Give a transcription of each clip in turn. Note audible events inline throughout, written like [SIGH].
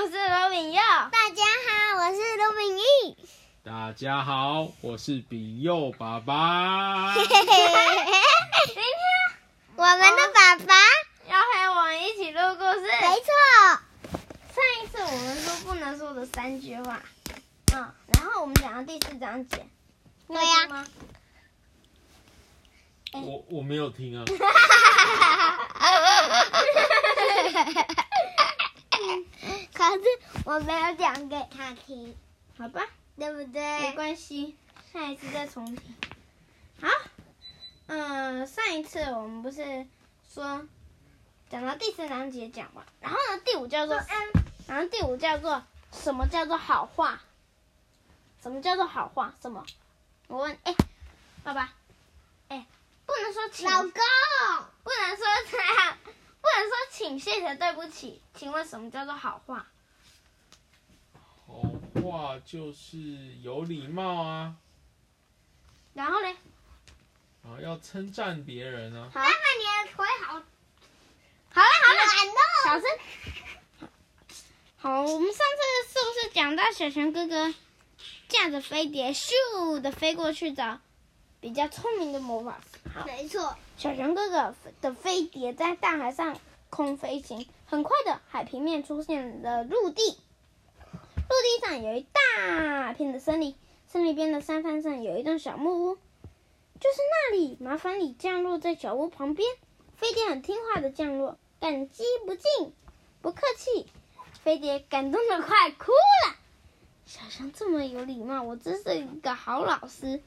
我是羅炳佑，大家好，我是羅炳義，大家好，我是炳佑爸爸。明天 [LAUGHS] [LAUGHS] 嗎我們的爸爸、哦、要和我們一起錄故事，沒錯錯。上一次我們說不能說的三句話，嗯，然後我們講到第四章節，對呀、啊欸、我我沒有聽啊。 [LAUGHS] [LAUGHS] [LAUGHS] [LAUGHS] 可是我沒有講給他聽，好吧？對不對？沒關係，下一次再重聽。好，嗯，上一次我們不是說講到第四章節講完，然後呢，第五叫做，M 然後第五叫做什麼叫做好話？什麼叫做好話？什麼？我問，哎、欸，爸爸，哎、欸，不能說，老公不能說髒。不能說請謝謝對不起，請問什麼叫做好話？好話就是有禮貌啊。然後呢？啊，要稱讚別人呢、啊。好媽，你的好。好了好了，好了 I know. 小聲。好，我們上次是不是講到小熊哥哥駕着飛碟咻的飛過去找比較聰明的魔法師？好，沒錯。小熊哥哥的飛碟在大海上空飛行，很快的海平面出現了陸地。陸地上有一大片的森林，森林邊的山峰上有一棟小木屋，就是那裡。麻煩你降落在小屋旁邊。飛碟很聽話的降落，感激不盡。不客氣。飛碟感動的快哭了。小熊這麼有禮貌，我真是一個好老師。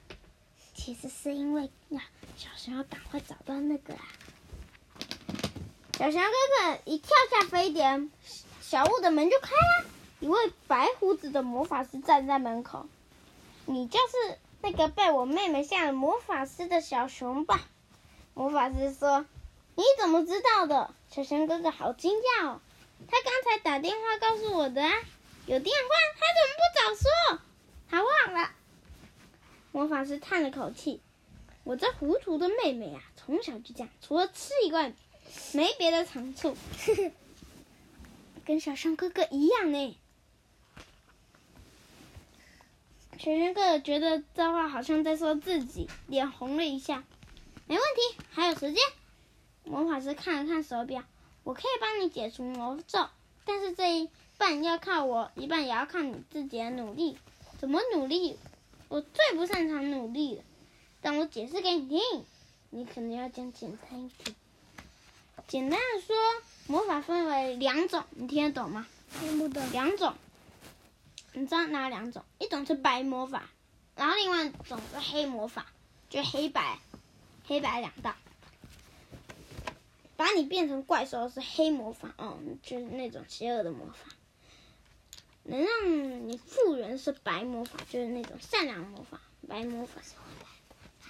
其實是因為呀，小熊要趕快找到那個啊。小熊哥哥一跳下飛碟，小屋的門就開了。一位白鬍子的魔法師站在門口：“你就是那個被我妹妹嚇了魔法師的小熊吧？”魔法師說：“你怎麼知道的？”小熊哥哥好驚訝哦，他剛才打電話告訴我的啊，有電話他怎麼不早說？他忘了。魔法師嘆了口氣：“我這糊塗的妹妹呀、啊，從小就這樣，除了吃以外，沒別的長處，呵呵跟小生哥哥一樣呢。”小生哥哥覺得這話好像在說自己，臉紅了一下。沒問題，還有時間。魔法師看了看手錶：“我可以幫你解除魔咒，但是這一半要靠我，一半也要靠你自己的努力。怎麼努力？”我最不擅長努力了，但我解釋給你聽。你可能要講簡，簡單一點。簡單的說，魔法分為兩種，你聽得懂嗎？聽不懂。兩種，你知道哪兩種？一種是白魔法，然後另外一種是黑魔法，就黑白，黑白兩道。把你變成怪獸是黑魔法，哦，就是那種邪惡的魔法。能讓你復原是白魔法，就是那種善良魔法。白魔法喜歡白，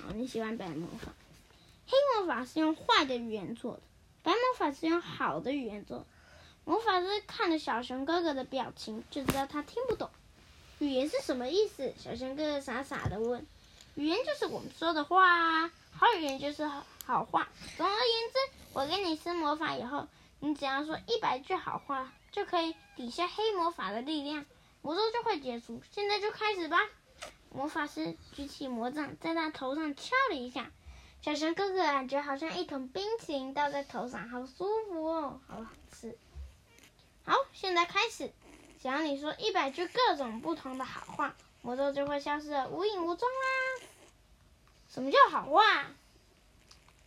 好，你喜歡白魔法。黑魔法是用壞的語言做的，白魔法是用好的語言做的。魔法師看着小熊哥哥的表情，就知道他聽不懂。語言是什麼意思？小熊哥哥傻傻的問。語言就是我們說的話，好語言就是好好話。總而言之，我給你施魔法以後，你只要說一百句好話就可以，底下黑魔法的力量，魔咒就會解除。現在就開始吧！魔法師舉起魔杖，在他頭上敲了一下。小熊哥哥感覺好像一桶冰淇淋倒在頭上，好舒服哦，好好吃。好，現在開始，只要你說一百句各種不同的好話，魔咒就會消失得無影無蹤啦、啊。什麼叫好話？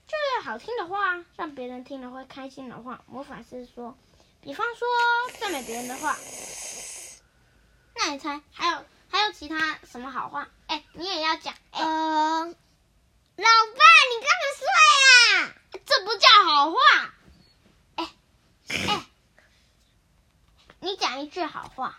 就要好聽的話，讓別人聽了會開心的話。魔法師說。比方說讚美別人的話，那你猜還有還有其他什麼好話？哎，你也要講。呃，嗯、老爸，你幹嘛睡啊？這不叫好話。哎哎誒誒，你講一句好話。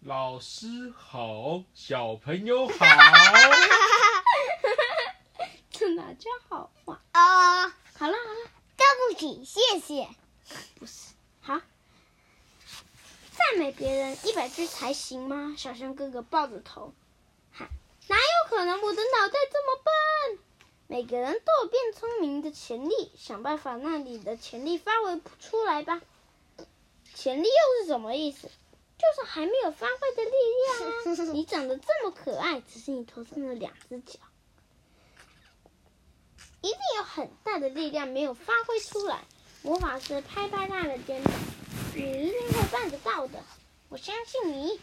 老師好，小朋友好。 [LAUGHS] 這哪叫好話？啊、呃，好了好了。對不起，謝謝。不是，好，讚美別人一百句才行嗎？小熊哥哥抱着頭，哈，哪有可能？我的腦袋這麼笨？每個人都有變聰明的潛力，想辦法讓你的潛力發揮出來吧。潛力又是什麼意思？就是還沒有發揮的力量啊。你長得這麼可愛，只是你頭上的兩隻角。一定有很大的力量沒有發揮出來。魔法師拍拍他的肩膀：“你一定會辦得到的，我相信你。”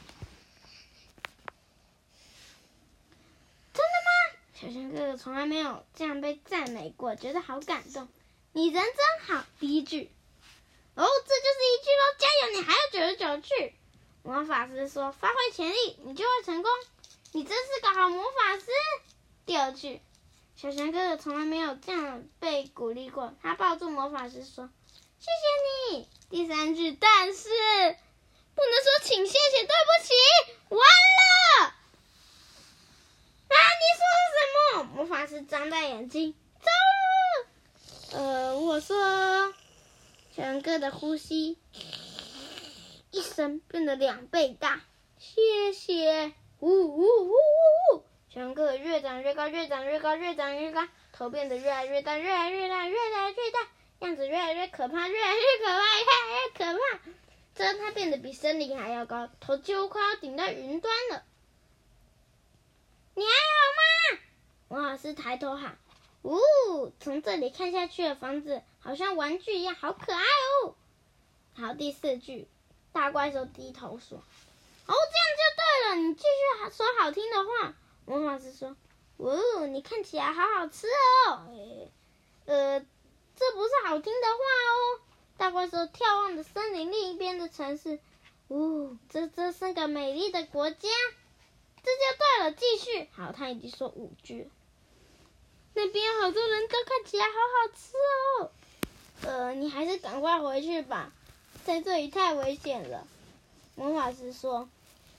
真的嗎？小熊哥哥從來沒有這樣被讚美過，覺得好感動。你人真好。第一句。哦，這就是一句嘍！加油你，你還有九十九句。魔法師說：“發揮潛力，你就會成功。”你真是個好魔法師。第二句。小熊哥哥從來沒有這樣被鼓勵過，他抱住魔法師說：“謝謝你。”第三句，但是不能說“請謝謝對不起”，完了。啊，你說的什麼？魔法師張大眼睛，走。呃，我說，小熊哥的呼吸一聲變得兩倍大，謝謝。嗚嗚嗚嗚嗚。嗚個越，越，越長越高，越長越高，越長越高，頭變得越來越大，越來越大，越來越大，樣子越來越可怕，越來越可怕，越來越可怕。這讓他變得比森林還要高，頭幾乎快要頂到雲端了。你還好嗎？王老師抬頭喊：“嗚、哦，從這裡看下去的房子好像玩具一樣，好可愛哦。”好，第四句，大怪獸低頭說：“哦，這樣就對了，你繼續說好聽的話。”魔法師說：“哦，你看起來好好吃哦。”欸，呃，這不是好聽的話哦。大怪獸眺望着森林另一邊的城市。哦，這這是個美麗的國家。這就對了，繼續。好，他已經說五句了。那邊好多人都看起來好好吃哦。呃，你還是趕快回去吧，在這裡太危險了。魔法師說：“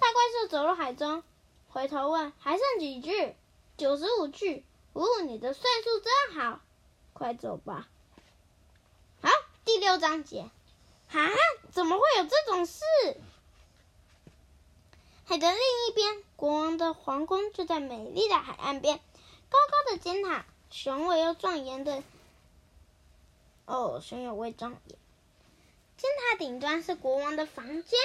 大怪獸走入海中。”回頭問：“還剩幾句？九十五句。哦，你的算術真好。快走吧。好，第六章節。啊，怎麼會有這種事？海的另一邊，國王的皇宮就在美麗的海岸邊。高高的尖塔，雄偉又莊嚴的。哦，雄偉又莊嚴。尖塔頂端是國王的房間。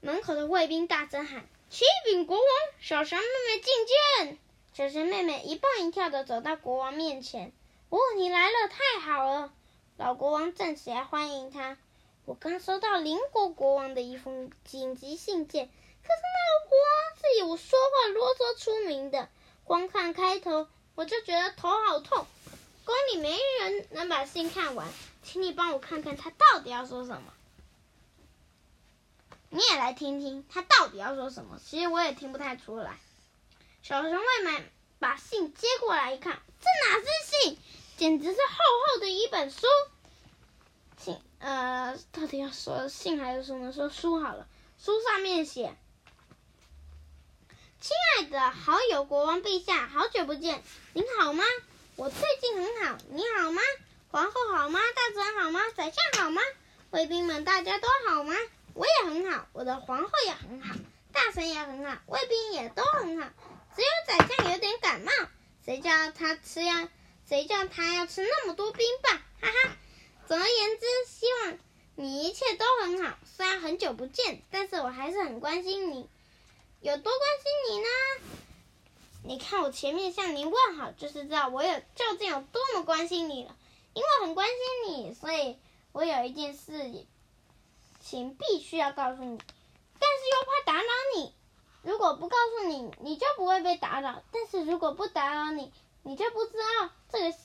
門口的衛兵大聲喊。”啟稟國王，小熊妹妹覲見。小熊妹妹一蹦一跳地走到國王面前。哦，你來了，太好了！老國王站起來歡迎他。我剛收到鄰國國王的一封緊急信件，可是那個國王是以說話囉嗦出名的。光看開頭我就覺得頭好痛，宮裡沒人能把信看完，請你幫我看看他到底要說什麼。你也來聽聽，他到底要說什麼？其實我也聽不太出來。小熊妹妹把信接過來一看，這哪是信，簡直是厚厚的一本書。信呃，到底要說信還是什麼？說書好了。書上面寫：“親愛的好友，國王陛下，好久不見，您好嗎？我最近很好，你好嗎？皇后好嗎？大臣好嗎？宰相好嗎？衛兵們大家都好嗎？”我也很好，我的皇後也很好，大臣也很好，衛兵也都很好，只有宰相有點感冒。誰叫他吃藥？誰叫他要吃那麼多冰棒？哈哈。總而言之，希望你一切都很好。雖然很久不見，但是我還是很關心你。有多關心你呢？你看我前面向您問好，就是知道我有究竟有多麼關心你了。因為我很關心你，所以我有一件事。情必須要告訴你，但是又怕打擾你。如果不告訴你，你就不會被打擾；但是如果不打擾你，你就不知道這個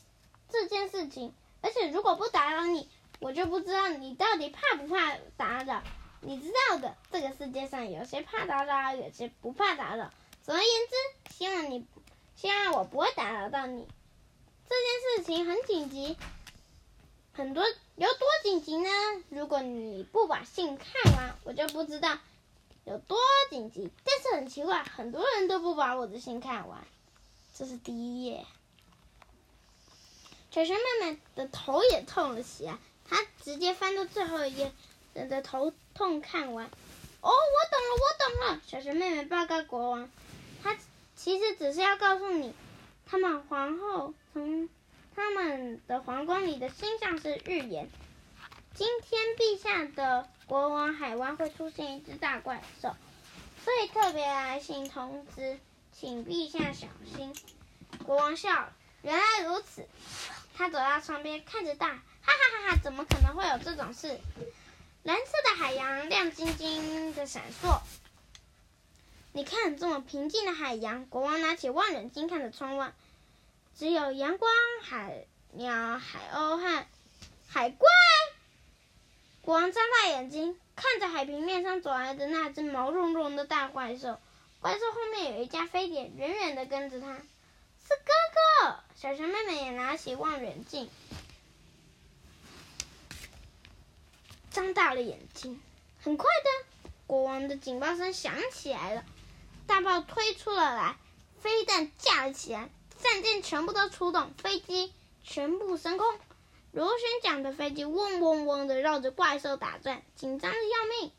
這件事情。而且如果不打擾你，我就不知道你到底怕不怕打擾。你知道的，這個世界上有些怕打擾，有些不怕打擾。總而言之，希望你，希望我不會打擾到你。這件事情很緊急。很多，有多緊急呢？如果你不把信看完，我就不知道有多緊急。但是很奇怪，很多人都不把我的信看完。這是第一頁。小熊妹妹的頭也痛了起來，她直接翻到最後一頁，忍着頭痛看完。哦，我懂了，我懂了。小熊妹妹報告國王，她其實只是要告訴你，他們皇后從。他們的皇宮裡的星象是預言，今天陛下的國王海灣會出現一隻大怪獸，所以特別來信通知，請陛下小心。國王笑了，原來如此。他走到窗邊，看着大海，哈哈哈哈，怎麼可能會有這種事？藍色的海洋亮晶晶的閃爍，你看這麼平靜的海洋。國王拿起望遠鏡，看着窗外。只有陽光、海鳥、海鷗和海怪。國王張大眼睛看着海平面上走來的那隻毛茸茸的大怪獸，怪獸後面有一架飛碟，遠遠地跟着它。是哥哥，小熊妹妹也拿起望遠鏡，張大了眼睛。很快的，國王的警報聲響起來了，大炮推出了來來，飛彈架了起來。戰艦全部都出動，飛機全部升空，螺旋槳的飛機嗡嗡嗡的繞着怪獸打轉，緊張的要命。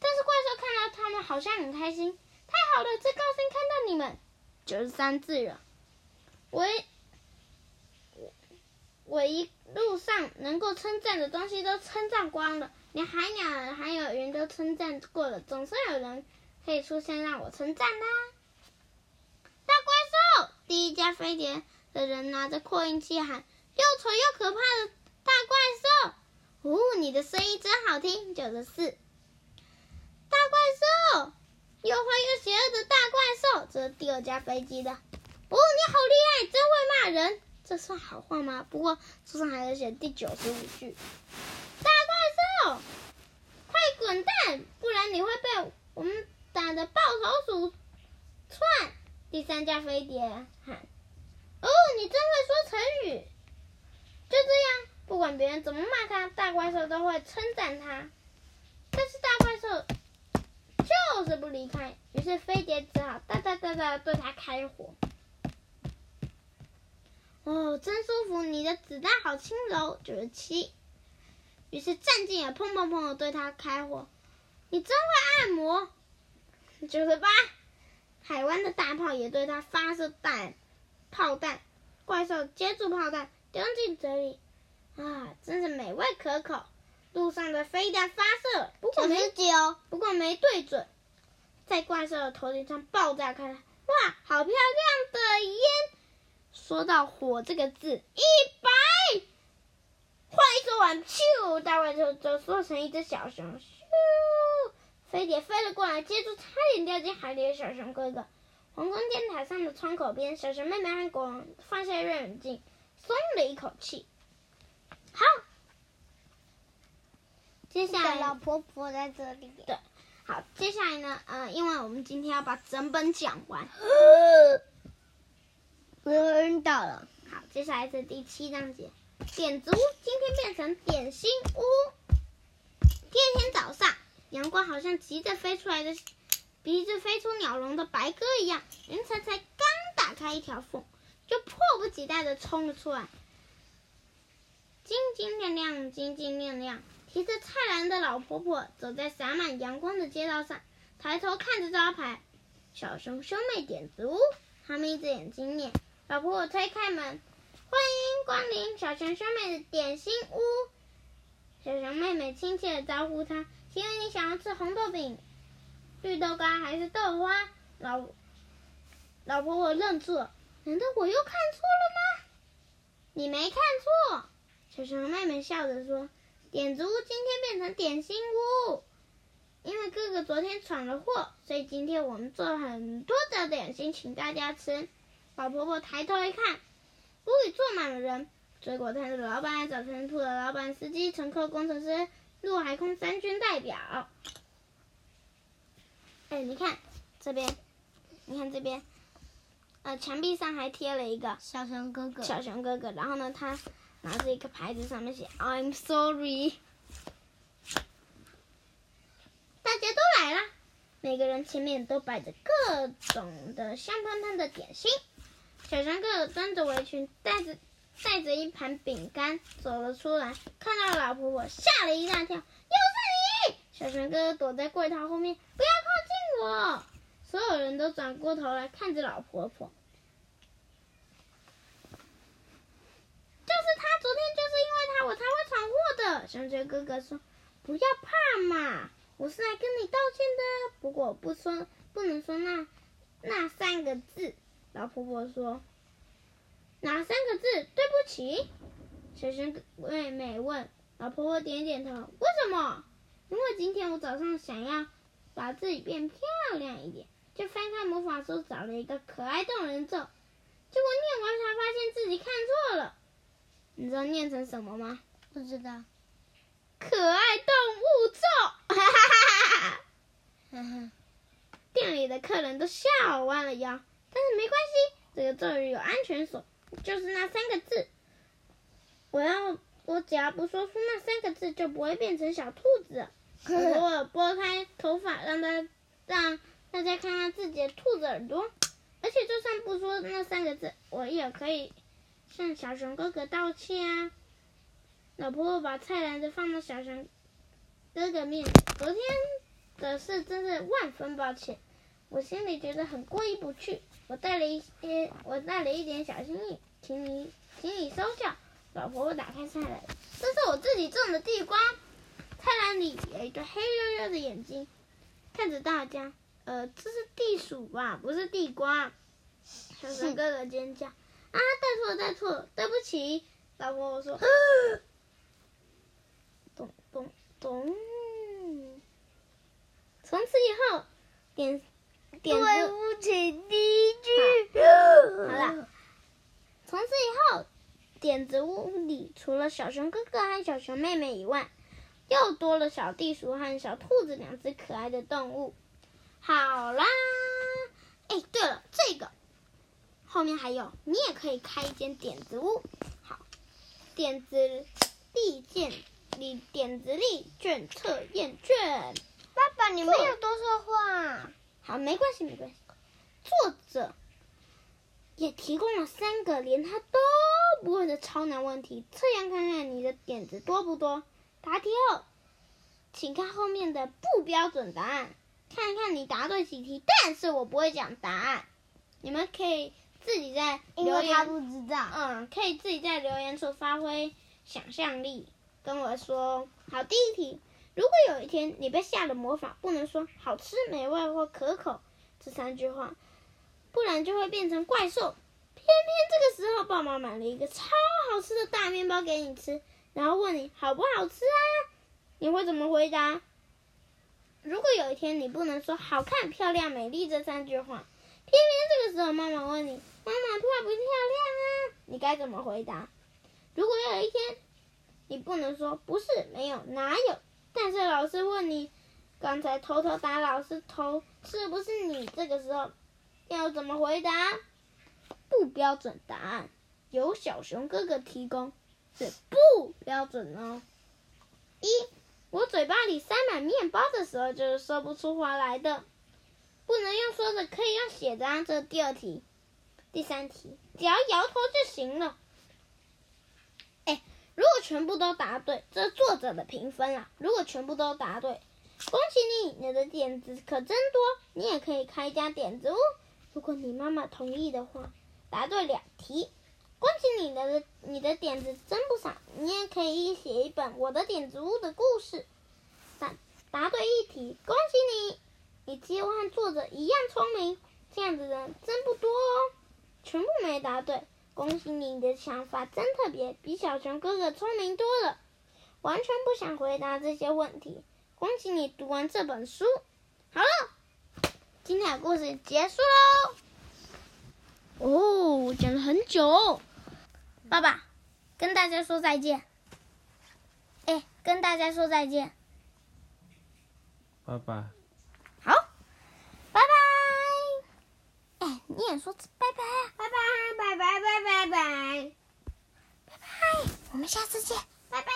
但是怪獸看到他們好像很開心，太好了，最高興看到你們，九十三次了。我我,我一路上能夠稱讚的東西都稱讚光了，連海鳥還有人都稱讚過了，總算有人可以出現讓我稱讚啦！大怪獸。第一架飛碟的人拿着擴音器喊：“又醜又可怕的大怪獸，哦，你的聲音真好聽。”九十四，大怪獸，又壞又邪惡的大怪獸。這是第二架飛機的，哦，你好厲害，真會罵人。這算好話嗎？不過書上還是寫第九十五句。大怪獸，快滾蛋，不然你會被我們打得抱頭鼠竄。第三架飛碟喊：“哦，你真會說成語。”就這樣，不管別人怎麼罵他，大怪獸都會稱讚他。但是大怪獸就是不離開，於是飛碟只好噠噠噠噠對他開火。哦，真舒服，你的子彈好輕柔，九十七。於是戰艦也砰砰砰地對他開火。你真會按摩，九十八。海灣的大炮也對它發射彈，炮彈。怪獸接住炮彈，丟進嘴裡，啊，真是美味可口。路上的飛彈發射，不過沒，不過沒對準，在怪獸的頭頂上爆炸開來，哇，好漂亮的煙。說到火這個字，一百。話一說完，咻，大怪獸就縮成一隻小熊，咻。飛碟飛了過來，接住差點掉進海裡的小熊哥哥。皇宮電台上的窗口邊，小熊妹妹和國王放下望遠鏡，鬆了一口氣。好，接下來的老婆婆在這裡。對，好，接下來呢？呃，因為我們今天要把整本講完。我暈、 [COUGHS] [COUGHS] 嗯、到了。好，接下來是第七章節，點子屋今天變成點心屋。第二天早上。陽光好像急着飛出來的，鼻子飛出鳥籠的白鴿一樣，雲彩才，才剛打開一條縫，就迫不及待的衝了出來，晶晶亮亮，晶晶亮亮。提着菜籃的老婆婆走在灑滿陽光的街道上，抬頭看着招牌“小熊兄妹點子屋”，她眯着眼睛念。老婆婆推開門，歡迎光臨小熊兄妹的點心屋。小熊妹妹親切的招呼她。請問你想要吃紅豆餅、綠豆乾還是豆花？老老婆婆愣住，難道我又看錯了嗎？你沒看錯，小熊妹妹笑着說：“點子屋今天變成點心屋，因為哥哥昨天闖了禍，所以今天我們做了很多的點心請大家吃。”老婆婆抬頭一看，屋裡坐滿了人：水果攤的老板、早餐鋪的老板、司機、乘客、工程師。陸海空三軍代表，哎、欸，你看這邊，你看這邊，呃，牆壁上還貼了一個小熊哥哥，小熊哥哥。然後呢，他拿着一個牌子，上面寫 “I'm sorry”。大家都來了，每個人前面都擺着各種的香噴噴的點心。小熊哥哥端着圍裙，帶着。帶着一盤餅乾走了出來，看到老婆婆，嚇了一大跳。又是你，小熊哥哥躲在櫃台後面，不要靠近我。所有人都轉過頭來看着老婆婆。就是他，昨天就是因為他，我才會闖禍的。小熊哥哥說：“不要怕嘛，我是來跟你道歉的。不過我不說，不能說那那三個字。”老婆婆說。哪三個字？對不起，小熊妹妹問。老婆婆點點頭。為什麼？因為今天我早上想要把自己變漂亮一點，就翻開魔法書，找了一個可愛動人咒，結果唸完才發現自己看錯了。你知道唸成什麼嗎？不知道。可愛動物咒！哈哈哈哈！店裡的客人都笑彎了腰。但是沒關係，這個咒語有安全鎖。就是那三個字，我要我只要不說出那三個字，就不會變成小兔子。我撥開頭髮，讓他讓大家看看自己的兔子耳朵。而且就算不說那三個字，我也可以向小熊哥哥道歉啊！老婆婆把菜籃子放到小熊哥哥面前，昨天的事真是萬分抱歉，我心裡覺得很過意不去。我帶了一些，我帶了一點小心意，請你，請你收下。老婆婆打開菜籃，這是我自己種的地瓜。菜籃裡有一個黑黝黝的眼睛，看着大家。呃，這是地鼠吧？不是地瓜。小哥哥尖叫：是啊，帶錯了，帶錯了，對不起！老婆婆說：咚咚咚。從此以後，點。點子屋，企第一句。好了，從此以後，點子屋裡除了小熊哥哥和小熊妹妹以外，又多了小地鼠和小兔子兩隻可愛的動物。好啦，哎、欸，對了，這個後面還有，你也可以開一間點子屋。好，點子劵，你點子立卷測驗卷。爸爸你，你沒有多說話。好，沒關係，沒關係。作者也提供了三個連他都不會的超難問題，測驗看看你的點子多不多。答題後，請看後面的不標準答案，看看你答對幾題。但是我不會講答案，你們可以自己在留言，因為他不知道。嗯，可以自己在留言處發揮想象力，跟我說。好，第一題。如果有一天你被下了魔法，不能說“好吃、美味或可口”這三句話，不然就會變成怪獸。偏偏這個時候，爸爸買了一個超好吃的大面包給你吃，然後問你好不好吃啊？你會怎麼回答？如果有一天你不能說“好看、漂亮、美麗”這三句話，偏偏這個時候媽媽問你：“媽媽漂不漂亮啊？”你該怎麼回答？如果有一天你不能說“不是、沒有、哪有”。但是老師問你，剛才偷偷打老師頭是不是你？這個時候要怎麼回答？不標準答案由小熊哥哥提供，是不標準哦。一，我嘴巴裡塞滿麵包的時候就是說不出話來的，不能用說的，可以用寫的啊。這第二題，第三題，只要搖頭就行了。如果全部都答對，這是作者的評分啦。如果全部都答對，恭喜你，你的點子可真多，你也可以開一家點子屋。如果你媽媽同意的話，答對兩題，恭喜你的，你的點子真不少，你也可以寫一本《我的點子屋》的故事。答答對一題，恭喜你，你幾乎和作者一樣聰明，這樣子的人真不多哦。全部沒答對。恭喜你的想法真特別，比小熊哥哥聰明多了，完全不想回答這些問題。恭喜你讀完這本書，好了，今天的故事結束嘍。哦，講了很久，爸爸，跟大家說再見。哎、欸，跟大家說再見。爸爸。你也說拜拜，拜拜，拜拜，拜拜，拜拜，拜拜，拜拜，我們下次見，拜拜。